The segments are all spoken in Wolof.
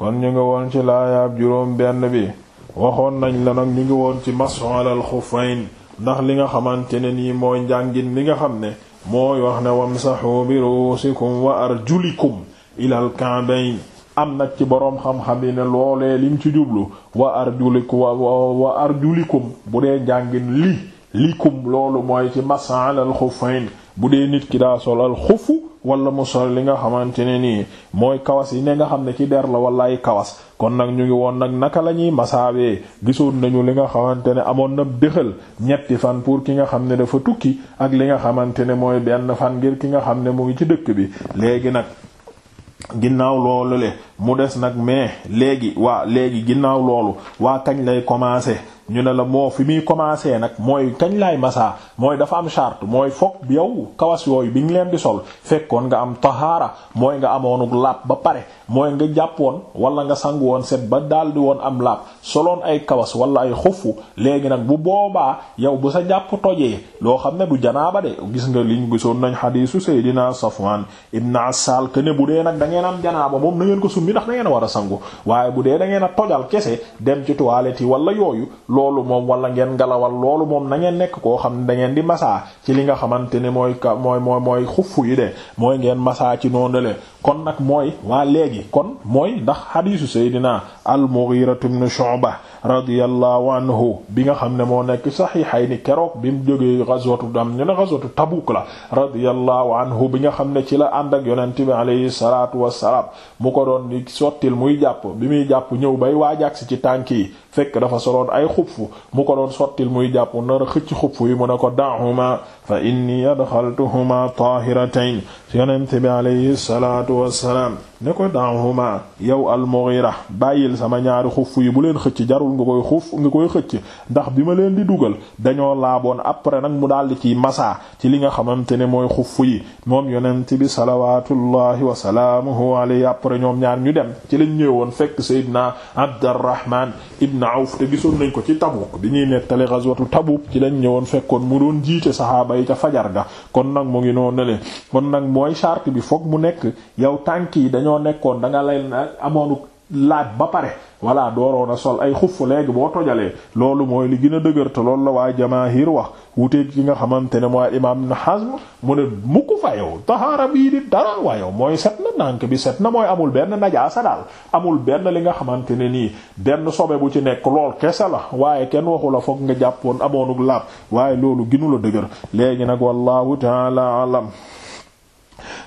kon ñu ngi woon ci laayaab juróom benn bi waxoon nañ la nag ñu ngi woon ci masu alal xuffayn ndax li nga xamante ne nii mooy njàngin li nga xam ne mooy wax ne sa bi ruusikum wa arjulikum ilal ka'bayn am nag ci boroom xam-xam yi ne loolee lim ci jublu wa arjulikum wa arjulikum bu dee njàngin li likum loolu mooy ci masu alal xuffayn bu dee nit ki daa sol al wala mu sol li nga xamante ne nii mooy kawas yi ne nga xam ne ci der la wala ay kawas kon nag ñu ngi woon nag naka la ñuy masaabee gisoon nañu li nga xamante ne amoon na déxal ñetti fan pour ki nga xam ne dafa tukki ak li nga xamante ne mooy benn fan ngir ki nga xam ne mu ngi ci dëkk bi léegi nag ginnaaw loolu le mu des nag mais léegi waa léegi ginnaaw loolu waa kañ lay commencer ñu ne la moo fi muy commencé nag mooy kañ laay masaa mooy dafa am chart mooy fokk yow kawas yooyu bi ñu leen di sol fekkoon nga am tahaara mooy nga amoonuk laab ba pare mooy nga jàpp woon wala nga sangu woon set ba daldi woon am laab soloon ay kawas wala ay xufu léegi nag bu boobaa yow bu sa jàpp tojee loo xam ne du janaaba de gis nga liñ gisoon nañ xadiisu Seydina Safwan ibn Assal que ne bu dee nag da ngeen am janaaba moom na ngeen ko summi ndax da ngeen war a sangu waaye bu dee da ngeen a tojal kese dem ci toilette yi wala yooyu loolu moom wala ngeen ngalawal loolu moom na ngeen nekk koo xam ne da ngeen di masaa ci li nga xamante ne mooy ka mooy mooy mooy xuffu yi de mooy ngeen masaa ci noonale kon nag mooy waa léegi kon mooy ndax hadisu Seydina al-Mughira ibn Shu'ba radiyallahu anhu bi nga xam ne moo nekk yi Sahihayni keroog bi mu jógee ghazwatu dam ñu ne ghazwatu Tabuk la radiyallahu anhu bi nga xam ne ci la ànd ak yonent bi alayhi salaatu wassalaam mu ko doon di sottil muy jàpp bi muy jàpp ñëw fekk dafa soloon ay xubfu mu ko doon sottil muy jàpp nar a xëcc xubfu yi mu ne ko maa fa inni adxaltuhuma tahiratayn yonent bi alayhi salaatu wassalaam ne ko daahuma yow al-Mughira bàyyil sama ñaari xuff yi bu leen xëcc jarul nga koy nga koy xëcc ndax bi ma leen di dugal dañoo laaboon après nag mu daldi ci masaa ci li nga xamante ne mooy xuff yi moom yonent bi salawaatullahi wa salaamuhu alayhi après ñoom ñaar ñu dem ci lañ ñëwoon fekk Seydina Abdurrahman ibn Awf te gisoon nañ ko ci Tabuk bi ñuy nettali ghazwatu Tabuk ci lañ ñëwoon fekkoon mu doon jiite saxaaba yooyu ca fajar ga kon nag mu ngi noo nele kon nag mooy charte bi foog mu nekk yow tànk yi dañoo nekkoon da nga lay amoonu laaj ba pare voilà dooroon a sol ay xuff léegi boo tojalee loolu mooy li gën a dëgër te loolu la waa jamaahir wax wuteeg ki nga xamante ne mooy imaam Ibn Hazm mu ne mukk fa yow tahaara bii di dara waa mooy set na nànk bi set na mooy amul benn najaasa daal amul benn li nga xamante ne nii benn sobe bu ci nekk lool kese la waaye kenn waxu la foog nga jàppoon amoonuk laab waaye loolu ginu la dëgër léegi nag wallahu taala alam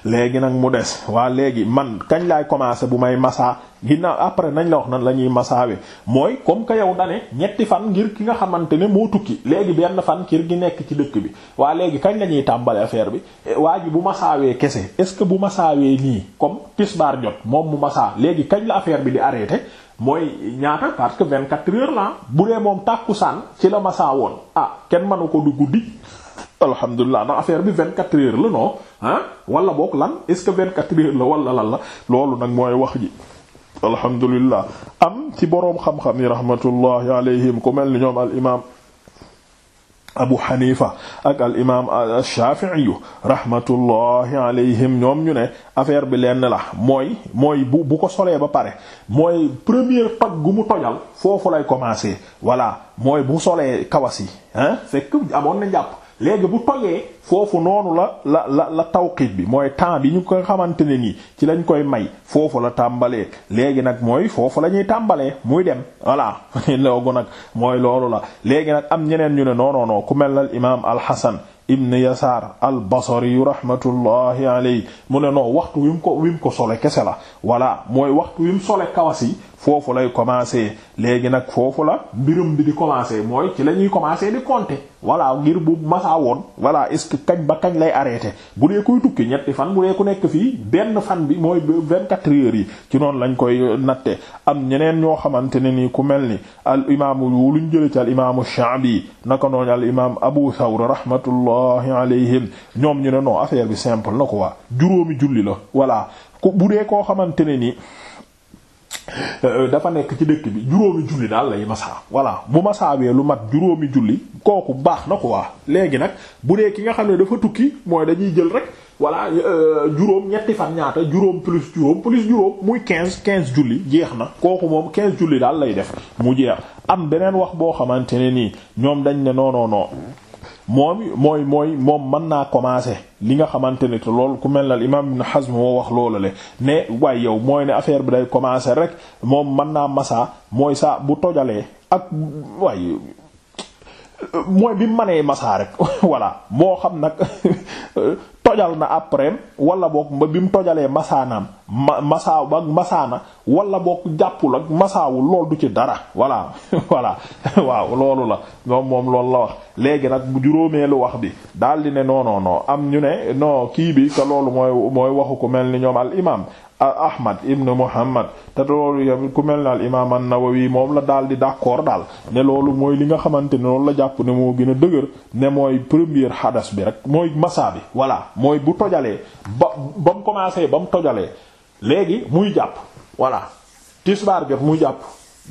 léegi nag mu des waa léegi man kañ laay commencer bu may masa ginnaaw après nañ la wax nan la ñuy masaawe mooy comme que yow dane ñetti fan ngir ki nga xamante ne moo tukki léegi benn fan kër gi nekk ci dëkk bi waa léegi kañ la ñuy tàmbale affaire bi e, waa ji bu masaawee kese est-ce que bu masaawee nii comme tisbaar jot moom mu masaa léegi kañ la affaire bi di arrêté mooy ñaata parce que 24 heures la bu dee moom saan ci la masaa woon a ah kenn mënu ko du guddi alhamdulilah ndax affaire bi quatre heures la non ah wala boog lan est-ce que 24 heures la wala lan la loolu nag mooy wax ji alhamdulillah am ci boroom xam-xam yi rahmatullahi alayhim ku mel ni ñoom al imaam abu xanifa ak al imaam ñoom ñu ne affaire bi lenn la mooy mooy bu ko solee ba pare mooy premier toj gu mu tojal foofu lay commencer voilà mooy bu solee kawas yi hein fekk amoon na jàpp léegi bu tojee foofu noonu la la la la tawqiit bi mooy temps bi ñu ko xamante ne nii ci lañ koy may foofu la tàmbalee léegi nag mooy foofu la ñuy tàmbalee muy dem voilà loogu nag mooy loolu la léegi nag am ñeneen ñu ne non non ku mel na imaam al-Hasan ibn yasaar albasariyu rahmatullahi aley mu ne noo waxtu wi mu ko wi ko sole kese la voilà mooy waxtu wi mu sole kawas yi foofu lay commencer léegi nag foofu la mbirum bi di commencer mooy ci la ñuy commencer di compter voilà ngir bu masaa woon voilà est-ce que kañ ba kañ lay arrêter bu dee koy tukki ñetti fan bu dee ku nekk fii benn fan bi mooy vingt-quatre heures yi ci noonu lañ koy natte am ñeneen ñoo xamante ne nii ku mel ni al imaamu luñ jële ci al imaamu Sha'bi naka noonu al imaam Abu Thawr rahmatullahi alayhim ñoom ñu ne non affaire bi simple na ko waa juróomi julli la voilà Euh, dafa nekk ci dëkk bi juróomi julli daal lay masaa voilà bu bee lu mat juróomi julli kooku baax na quoi léegi nag bu dee ki nga xam ne dafa tukki mooy dañuy jël rek voilà euh, juróom ñetti fan ñaata juróom plus juróom muy quinze quinze julli jeex na kooku moom quinze julli daal lay def mu jeex am beneen wax boo xamante ne nii ñoom dañ ne non non moom mooy mooy moom mën naa commencer li nga xamante ne te loolu ku mel ne imaam Ibn Hazm woo wax loolu le ne waaye yow mooy ne affaire bi day commencer rek moom mën naa masaa mooy saa bu tojalee ak waaye mooy bi mu manee masaa rek voilà moo xam nag tojal na après wala boog ba bi mu tojalee masaanaam ma masaaw ak masaana wala bokk jàppul ak masaawul lool du ci dara voilà voilà waaw loolu la moom moom loolu la wax léegi nag bu juróomeelu wax bi daal di ne non am ñu ne noo kii bi te loolu mooy mooy waxu ku mel ni ñoom al imam ahmad ibn muhammad te loolu yow ku mel ne al imam an wii moom la daal di d'accord daal ne loolu mooy li nga xamante ne loolu la jàpp ne moo gën a dëgër ne mooy première hadas bi rek mooy masaa bi voilà mooy bu tojalee ba ba mu ba mu tojalee léegi muy jàpp voilà tisbaar jot muy jàpp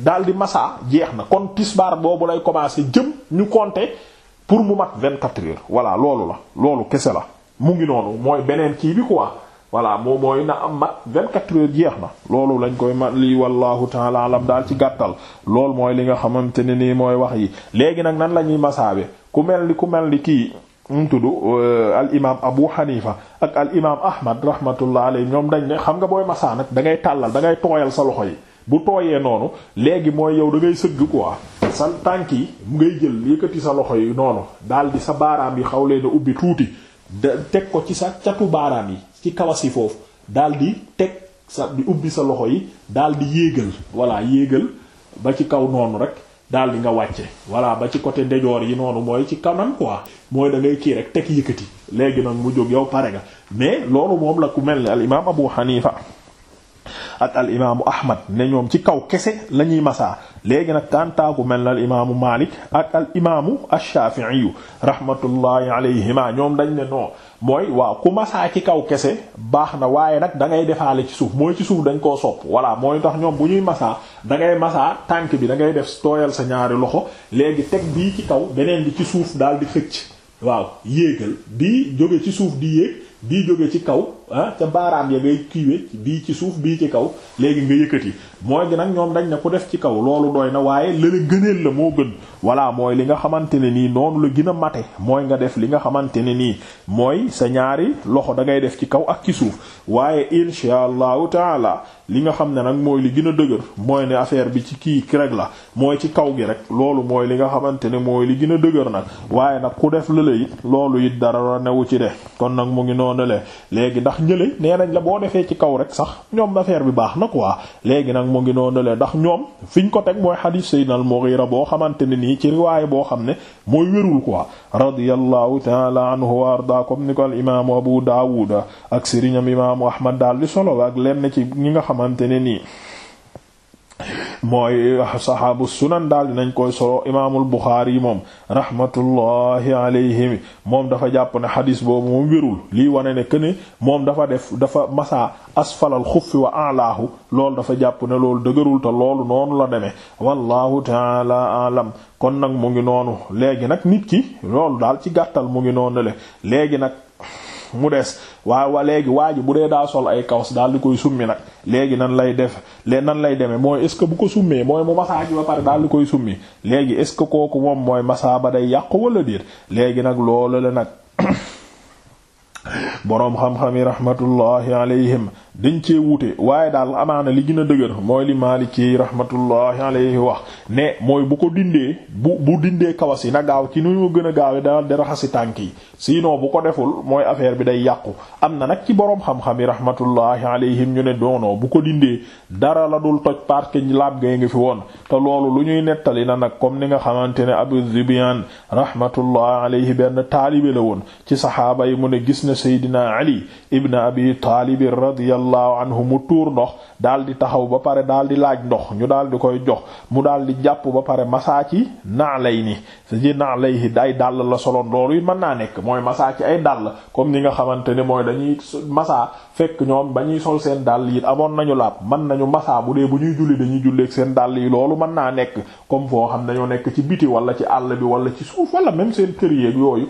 daal di massa jeex na kon tisbaar boobu lay commencer jëm ñu compter pour mu mat 24 heures voilà loolu la loolu kese la mu ngi noonu mooy beneen kii bi quoi voilà moom mooy na am mat 24 heures jeex na loolu lañ koy mat lii wallahu taala alam daal ci gàttal loolu mooy li nga xamante ne nii mooy wax yi léegi nag nan la ñuy massa bi ku mel ni ku mel ni kii mu tudd euh, al imaam Abu Hanifa ak al imaam Ahmad rahmatullah alayhi ñoom dañ ne xam nga booy masaa nag dangay tàllal dangay ngay tooyal sa loxo yi bu tooyee noonu léegi mooy yow da ngay sëgg quoi sa tànk yi mu ngay jël yëkkati sa loxo yi noonu daal di sa baaraam yi xaw leen a ubbi tuuti da teg ko ci sa catu baaraam yi ci kawasi foofu daal di teg sa ubbi sa loxo yi daal di yéegal voilà yéegal ba ci kaw noonu rek. daal di nga wàcce voilà ba ci côté ndejoor yi noonu mooy ci kanam quoi mooy da ngay kii rek teg yëkkati léegi nag mu jóg yow pare nga mais loolu moom la ku mel ne al imaam Abu Hanifa ak al imaamu Ahmad ne ñoom ci kaw kese la ñuy masaa léegi nag kantaaku mel na al imaamu Malik ak al imaamu Ash-Shafi'i rahmatullahi alayhima ñoom dañ ne non mooy waaw ku masaa ci kaw kese baax na waaye nag dangay ngay defaale ci suuf mooy ci suuf dañ koo sopp voilà mooy tax ñoom bu ñuy masaa dangay ngay masaa tànk bi dangay ngay def tooyal sa ñaari loxo léegi teg bii ci kaw beneen bi ci suuf daal di xëcc waaw yéegal bii jóge ci suuf di yéeg bii jóge ci kaw ah ca baaraam ya ngay kiiwe bii ci suuf bii ci kaw léegi nga yëkkati mooy gi nag ñoom dañ ne ku def ci kaw loolu doy na waaye lëla gëneel la moo gën voilà mooy li nga xamante ne nii noonu la gën a mate mooy nga def li nga xamante ne nii mooy sa ñaari loxo dangay def ci kaw ak ci suuf waaye insha allahu taala li nga xam ne nag mooy li gën a dëgër mooy ne affaire bi ci kii rek la mooy ci kaw gi rek loolu mooy li nga xamante ne mooy li gën a dëgër nag waaye nag ku def lëla it loolu it dara newu ci de kon nag mu ngi noonu le léegi ndax ñële nee nañ la boo defee ci kaw rek sax ñoom affaire bi baax na quoi léegi nag mu ngi noonu le ndax ñoom fiñ ko teg mooy xadiis Seydina al-Mughira boo xamante ne nii ci riwaay boo xam ne mooy wérul quoi radiyallahu taala anhu wa arda comme ni ko al imaamu Abu Daawuda ak sëriñam imaamu Ahmad daal di solo ak lenn ci ñi nga xamante ne nii mooy saxaabu sunan daal di dinañ koy solo imaamul Buxaari moom rahmatullahi alayhi moom dafa jàpp ne xadis boobu moom wérul lii wane ne këne moom dafa def dafa masaa asfalal xuffi wa alaahu loolu dafa jàpp ne loolu dëgërul te loolu noonu la demee wallahu taala alam kon nag mu ngi noonu léegi nag nit ki loolu daal ci gàttal mu ngi noonu le léegi nag mu des waaw a léegi waaju bu dee daa sol ay kawas daal di koy summi nag léegi nan lay def le nan lay demee mooy est ce que bu ko summee mooy mu masaa ji ba pare daal di koy summi léegi est ce que kooku moom mooy masaa ba day yàqu wala déet léegi nag loolu la nag boroom xam-xam yi rahmatullahi alayhim dañ cee wuute waaye daal amaana li gën a dëgër mooy li Maliki rahmatullahi alayhi wax ne mooy bu ko dindee bu bu dindee kawas yi na gaaw ci nu mu gën a gaawee daal di raxasi tànk yi sinon bu ko deful mooy affaire bi day yàqu am na nag ci boroom xam-xam yi rahmatullahi alayhim ñu ne doono bu ko dindee dara la dul toj parce que laab gay fi woon te loolu lu ñuy nettali na nag comme ni nga xamante ne Abu Zibyan rahmatullahi alayhi benn taalibe la woon ci saxaaba yi mu gis na Seydina Ali ibn Abi Taalib radiyallahu radiyallahu anhu mu tuur ndox daal di taxaw ba pare daal di laaj ndox ñu daal di koy jox mu daal di jàpp ba pare masaa ci naalay ni ci naalay yi ay dàll la soloon loolu yi mën naa nekk mooy masaa ci ay dàll comme ni nga xamante ne mooy dañuy masaa fekk ñoom ba ñuy sol seen dàll yi amoon nañu laab man nañu masaa bu dee bu ñuy julli dañuy julli ak seen dàll yi loolu mën naa nekk comme foo xam dañoo nekk ci biti wala ci àll bi wala ci suuf wala même seen kër yeeg yooyu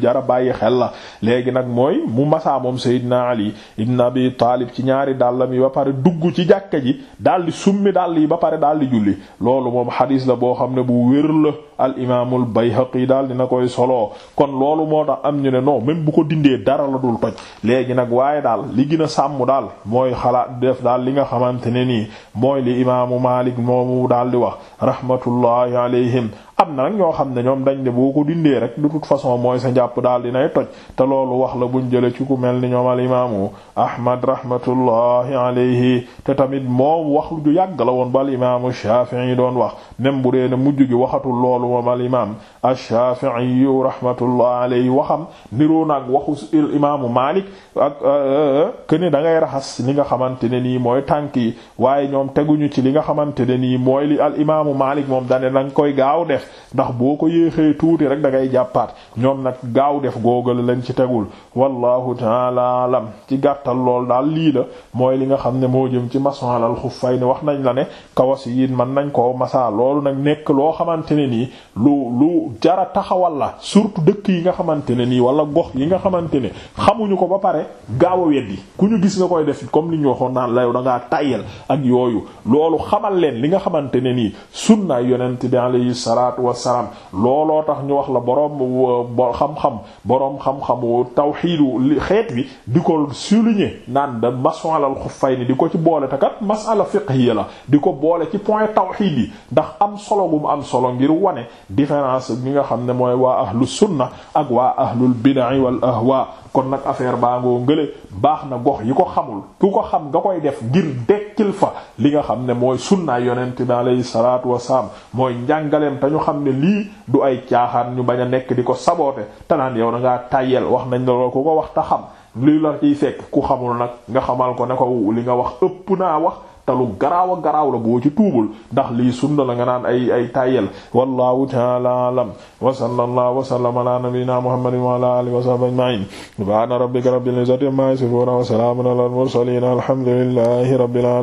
jara bàyyi xel la léegi nag mooy mu masaa moom Seydina Ali ibn Abi Taalib ci ñaari dàllam yi ba pare dugg ci jàkka ji di summi dàll yi ba pare daldi julli loolu moom xadiis la boo xam ne bu wér la al imaamul Bayhaqi di na koy soloo kon loolu moo tax am ñu ne non même bu ko dindee dara la dul toj léegi nag waaye daal li gën a sàmm daal mooy xalaat def daal li nga xamante ne nii mooy li imaamu Maalik moomu daldi wax rahmatullahi alayhim xam na nag ñoo xam ne ñoom dañ ne boo ko dindee rek de toute façon mooy sa njàpp daal dinay toj te loolu wax la buñ jëlee ci ku mel ni ñoom al imaamu ahmad rahmatullahi alayhi te tamit moom wax ju yàgg la woon ba al imaamu shafii doon wax même bu dee ne mujj gi waxatul loolu moom al imaam ash-shafii rahmatullahi alayhi waxam niroo nag waxu il imaamu malik ak euh, euh, këne da ngay raxas li nga xamante ne nii mooy tànk yi waaye ñoom teguñu ci li nga xamante ne nii mooy li al imaamu malik moom dane danga koy gaaw def ndax boo ko yéexee tuuti rek da ngay jàppaat ñoom nag gaaw def googal lañ ci tegul wallahu taala alam ci gàttal lool daal lii la mooy li nga xam ne moo jëm ci mason masalal xuffay ni wax nañ la ne kawas yi man nañ ko masa loolu nag nekk loo xamante ne nii lu lu jara taxawal la surtout dëkk yi nga xamante ne nii wala gox yi nga xamante ne xamuñu ko ba pare gaaw a weddi ku ñu gis nga koy def comme li ñu waxoon naan la yow da ngaa ak yooyu loolu xamal li nga xamante ne nii sunna yonent salaatu wassalaam looloo tax ñu wax la boroom xam-xam boroom xam-xamu tawxiidu li xeet wi di ko souligner naan da masalal xuffayni di ko ci boole te kat masala fiqhiya la di ko boole ci point tawxiid yi ndax am solo bu am solo ngir wane différence bi nga xam ne mooy waa ahlu sunna ak waa ahlul bid'a wal ahwa kon nag affaire baa ngoo ngële baax na gox yi ko xamul ku ko xam nga koy def ngir dekkil fa li nga xam ne mooy sunnaay yonent bi alayhi salaatu wasalaam mooy njàngaleem te ñu xam ne lii du ay caaxaan ñu bañ a nekk di ko saboote te naan yow da ngaa wax nañ la lool ku ko wax te xam lii la ciy fekk ku xamul nag nga xamal ko ne ko li nga wax ëpp naa wax te lu garaaw a garaaw la boo ci tuubul ndax lii sunna la nga naan ay ay tàyyel wallahu ta'ala alam wa sallallahu wa sallama ala nabiyyina muhammadin wa ala alihi wa sahbihi ajma'in subhana rabbika rabbil izzati amma yasifun wa salamun ala al mursalin alhamdulillahi rabbil alamin